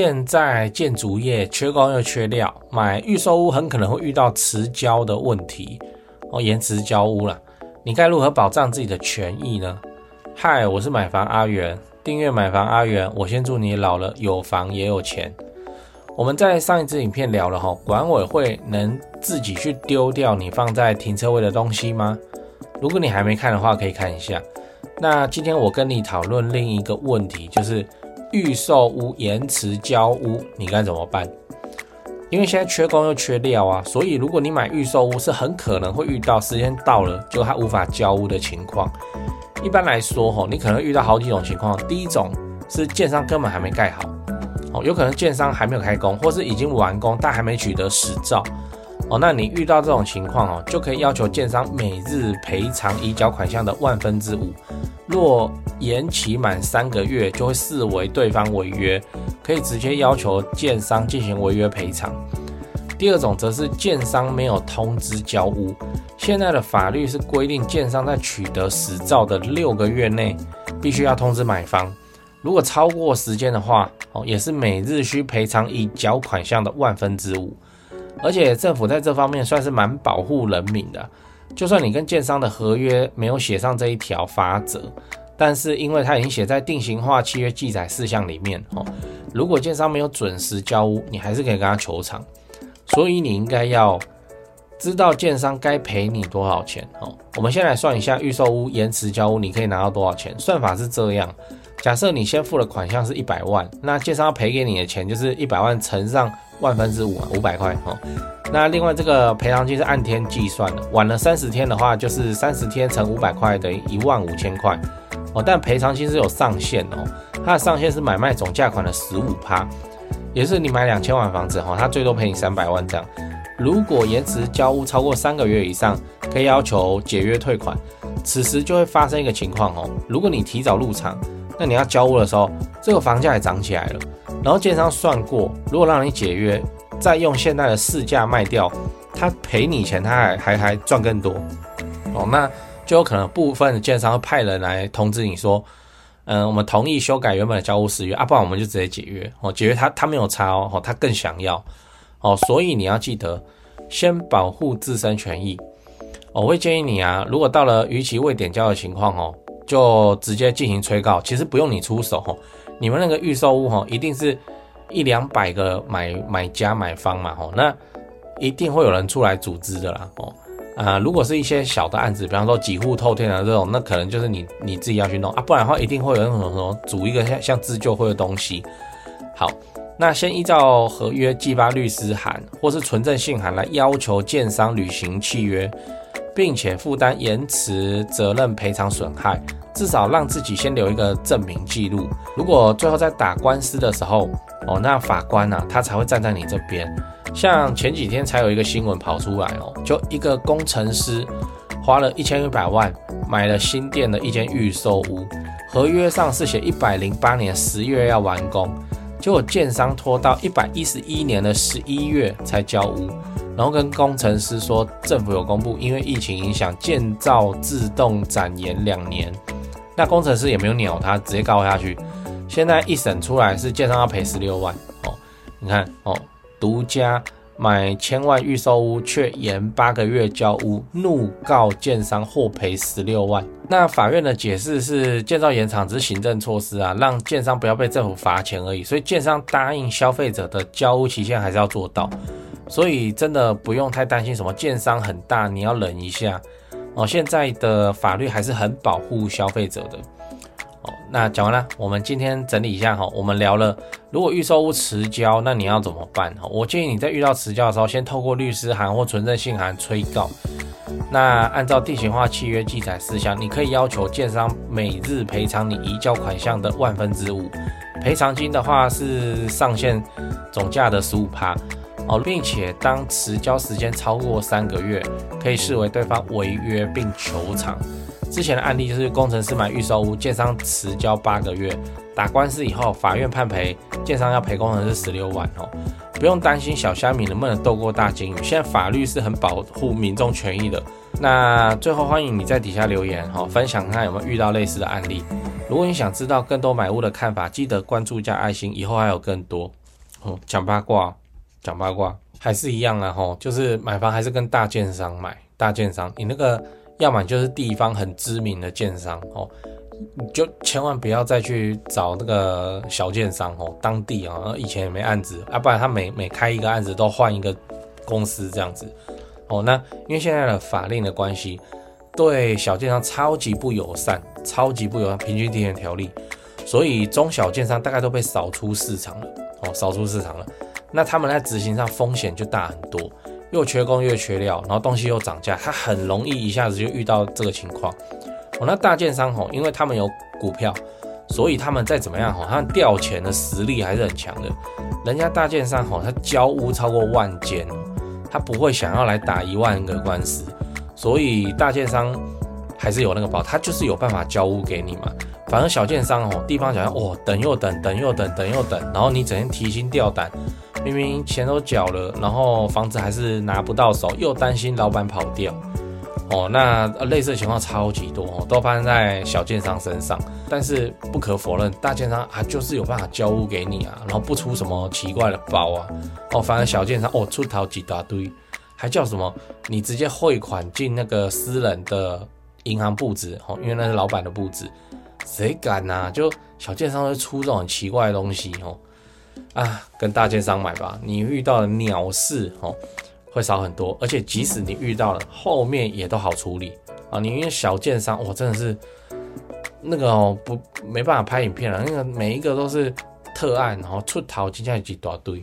現在建築業缺工又缺料，買預售屋很可能會遇到遲交的問題哦，延遲交屋了。你該如何保障自己的權益呢？嗨，我是買房阿元，訂閱買房阿元，我先祝你老了有房也有錢。我們在上一支影片聊了齁，管委會能自己去丟掉你放在停車位的東西嗎？如果你還沒看的話，可以看一下。那今天我跟你討論另一個問題，就是。預售屋延遲交屋，你該怎麼辦？因為現在缺工又缺料啊，所以如果你買預售屋，是很可能會遇到時間到了就它無法交屋的情況。一般來說，吼，你可能遇到好幾種情況。第一種是建商根本還沒蓋好，哦，有可能建商還沒有開工，或是已經完工但還沒取得使照。哦，那你遇到這種情況哦，就可以要求建商每日賠償已繳款項的萬分之五。若延期滿三個月，就會視為對方違約，可以直接要求建商進行違約賠償。第二種則是建商沒有通知交屋，現在的法律是規定建商在取得實照的六個月內，必須要通知買方。如果超過時間的話，哦，也是每日需賠償已繳款項的萬分之五。而且政府在這方面算是蠻保護人民的，就算你跟建商的合約沒有寫上這一條法則，但是因為它已經寫在定型化契約記載事項裡面哦，如果建商沒有準時交屋，你還是可以跟他求償，所以你應該要知道建商該賠你多少錢哦。我們先來算一下預售屋延遲交屋你可以拿到多少錢，算法是這樣。假設你先付的款項是一百萬，那建商要賠給你的錢就是一百萬乘上萬分之五，五百塊哦。那另外這個賠償金是按天計算的，晚了三十天的話，就是三十天乘五百塊等於一萬五千塊哦。但賠償金是有上限的哦，它的上限是買賣總價款的十五趴，也是你買兩千萬房子哦，它最多賠你三百萬這樣。如果延遲交屋超過三個月以上，可以要求解約退款，此時就會發生一個情況哦，如果你提早入場。那你要交屋的時候，這個房價也漲起來了。然後建商算過，如果讓你解約，再用現在的市價賣掉，他賠你錢，他還還還賺更多。哦，那就有可能部分的建商會派人來通知你說，嗯，我們同意修改原本的交屋時約啊，不然我們就直接解約。哦，解約他他沒有差哦，哦，他更想要。哦，所以你要記得先保護自身權益。哦，我會建議你啊，如果到了逾期未點交的情況哦。就直接進行催告，其實不用你出手，你們那個預售屋，哈，一定是一兩百個買買家買方嘛，吼，那一定會有人出來組織的啦，哦，啊，如果是一些小的案子，比方說幾戶透天的這種，那可能就是你你自己要去弄啊，不然的話一定會有那種什麼組一個像像自救會的東西。好，那先依照合約寄發律師函或是存證信函來要求建商履行契約。並且負擔延遲責任賠償損害，至少讓自己先留一個證明記錄。如果最後在打官司的時候，哦，那法官呢，啊，他才會站在你這邊。像前幾天才有一個新聞跑出來哦，就一個工程師花了一千一百萬買了新店的一間預售屋，合約上是寫一百零八年十月要完工，結果建商拖到一百一十一年的十一月才交屋。然後跟工程師說，政府有公布，因為疫情影響，建照自動展延兩年。那工程師也沒有鳥他，直接告下去。現在一審出來是建商要賠十六萬哦。你看哦，獨家買千萬預售屋卻延八個月交屋，怒告建商獲賠十六萬。那法院的解釋是，建照延長只是行政措施啊，讓建商不要被政府罰錢而已。所以建商答應消費者的交屋期限還是要做到。所以真的不用太擔心什麼，建商很大，你要忍一下哦。現在的法律還是很保護消費者的哦。那講完了，我們今天整理一下哈。我們聊了，如果預售屋遲交，那你要怎麼辦？哈，我建議你在遇到遲交的時候，先透過律師函或存證信函催告。那按照定型化契約記載事項，你可以要求建商每日賠償你移交款項的萬分之五，賠償金的話是上限總價的十五趴。哦，並且當遲交時間超過三個月，可以視為對方違約並求償。之前的案例就是工程師買預售屋，建商遲交八個月，打官司以後，法院判賠，建商要賠工程師十六萬哦。不用擔心小蝦米能不能鬥過大鯨魚，現在法律是很保護民眾權益的。那最後歡迎你在底下留言哦，分享看看有沒有遇到類似的案例。如果你想知道更多買屋的看法，記得關注加愛心，以後還有更多哦，講八卦哦。講八卦還是一樣啊，吼，就是買房還是跟大建商買，大建商，你那個要買就是地方很知名的建商，哦，你就千萬不要再去找那個小建商，哦，當地啊以前也沒案子啊，不然他每每開一個案子都換一個公司這樣子，哦，那因為現在的法令的關係，對小建商超級不友善，超級不友善，平均地權條例，所以中小建商大概都被掃出市場了，哦，掃出市場了。那他們在執行上風險就大很多，又缺工又缺料，然後東西又漲價，他很容易一下子就遇到這個情況。那大建商吼，因為他們有股票，所以他們再怎麼樣吼，他們調錢的實力還是很強的。人家大建商吼，他交屋超過萬間，他不會想要來打一萬個官司，所以大建商還是有那個包，他就是有辦法交屋給你嘛。反而小建商吼，地方小，哦，等又等，等又等，等又等，然後你整天提心吊膽。明明錢都繳了，然後房子還是拿不到手，又擔心老闆跑掉，哦，那類似的情況超級多，都發生在小建商身上。但是不可否認，大建商還、啊、就是有辦法交屋給你啊，然後不出什麼奇怪的包啊，哦，反而小建商哦出頭幾大堆，還叫什麼？你直接匯款進那個私人的銀行簿子。哦，因為那是老闆的簿子，誰敢啊？就小建商會出這種奇怪的東西，哦。啊，跟大建商買吧，你遇到的鳥事哦，會少很多，而且即使你遇到了，後面也都好處理啊。你因為小建商，我、哦、真的是那個哦，不，沒辦法拍影片了，那個每一個都是特案，然、哦、後出逃，今天有一大堆。